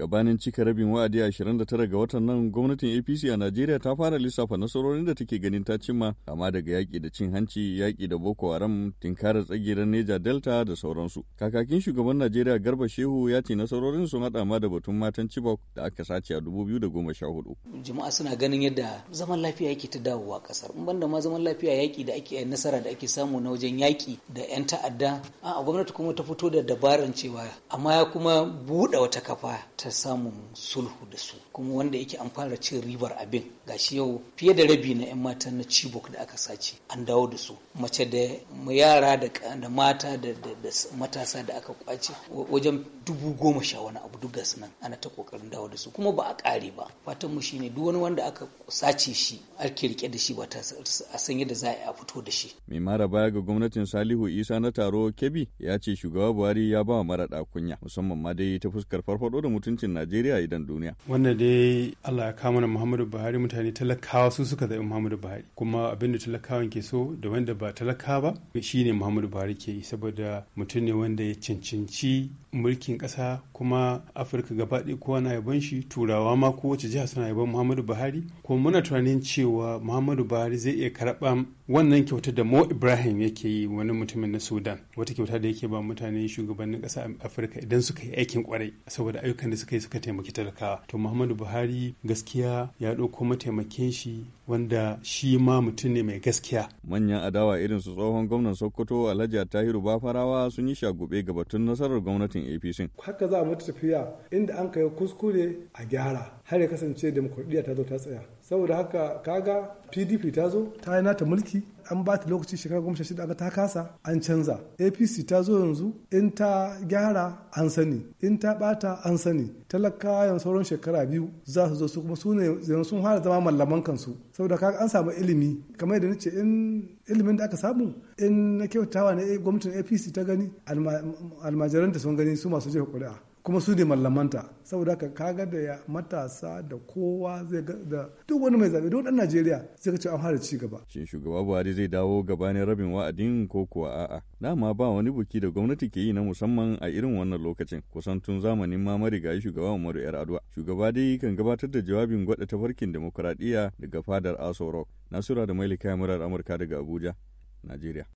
gabanin cika rabin wa'adi 29 ga watan nan gwamnatin apc a najeriya ta fara lissafa nasarorin da take ganin ta cimma kama daga yaƙi da cin hanci yaƙi da boko haram tinkarar tsagirar neja delta da sauransu kakakin shugaban najeriya garba shehu ya ce nasarorin sun haɗa ma da batun matan chibok da aka sace a 2014 jama'a suna ganin yadda zaman lafiya yake ta dawowa kasar in banda ma zaman lafiya yaƙi da ake nasara da ake samu na wajen yaƙi da 'yan ta'adda a gwamnati kuma ta fito da dabaran cewa amma ya kuma buɗe wata kafa ta ta samun sulhu da su kuma wanda yake an fara cin ribar abin ga shi yau fiye da rabi na 'yan mata na cibok da aka sace an dawo da su mace da yara da mata da matasa da aka kwace wajen dubu goma sha wani abu duk gasu nan ana ta kokarin dawo da su kuma ba a kare ba fatan mu shine duk wani wanda aka sace shi ake rike da shi ba ta a san yadda za a fito da shi mai mara baya ga gwamnatin salihu isa na taro kebi ya ce shugaba buhari ya ba wa mara kunya musamman ma dai ta fuskar farfado da mutunci shugabancin Najeriya idan duniya. Wannan dai Allah ya kama Muhammadu Buhari mutane talakawa su suka zai Muhammadu Buhari kuma abinda talakawan ke so da wanda ba talaka ba shi ne Muhammadu Buhari ke yi saboda mutum ne wanda ya cancanci mulkin kasa kuma Afirka gaba ɗaya kowa na yabon shi turawa ma kowace jiha suna yabon Muhammadu Buhari kuma muna tunanin cewa Muhammadu Buhari zai iya karɓan wannan kyauta da Mo Ibrahim yake yi wani mutumin na Sudan wata kyauta da yake ba mutane shugabannin a Afirka idan suka yi aikin kwarai saboda ayyukan da suka suka yi suka taimaki talakawa to muhammadu buhari gaskiya ya ɗauko mataimakin shi wanda shi ma mutum ne mai gaskiya manyan adawa irin su tsohon gwamnan sokoto alhaji tahiru bafarawa sun yi shagube ga batun nasarar gwamnatin apc haka za mu tafiya inda an kai kuskure a gyara har ya kasance demokradiyya ta zo ta tsaya saboda haka kaga pdp ta zo ta yi nata mulki an ba ta lokaci shekara goma sha shida aka ta kasa an canza apc ta zo yanzu in ta gyara an sani in ta bata an sani talaka yan sauran shekara biyu za su zo su kuma su ne yanzu sun fara zama mallaman kansu saboda kaga an samu ilimi kamar yadda nace in ilimin da aka samu in na kyautawa ne gwamnatin apc ta gani almajiran da sun gani su masu jefa kuri'a kuma su ne mallamanta saboda haka kaga da ya matasa da kowa zai ga da duk wani mai zabe duk dan Najeriya zai ce an fara ci gaba shin shugaba Buhari zai dawo gabanin rabin wa'adin ko kuwa a'a dama ba wani buki da gwamnati ke yi na musamman a irin wannan lokacin kusan tun zamanin ma marigayi shugaba Umaru Yar'adua shugaba dai kan gabatar da jawabin gwada tafarkin demokradiya daga fadar Aso Rock Nasura da Mailika Murar Amurka daga Abuja Najeriya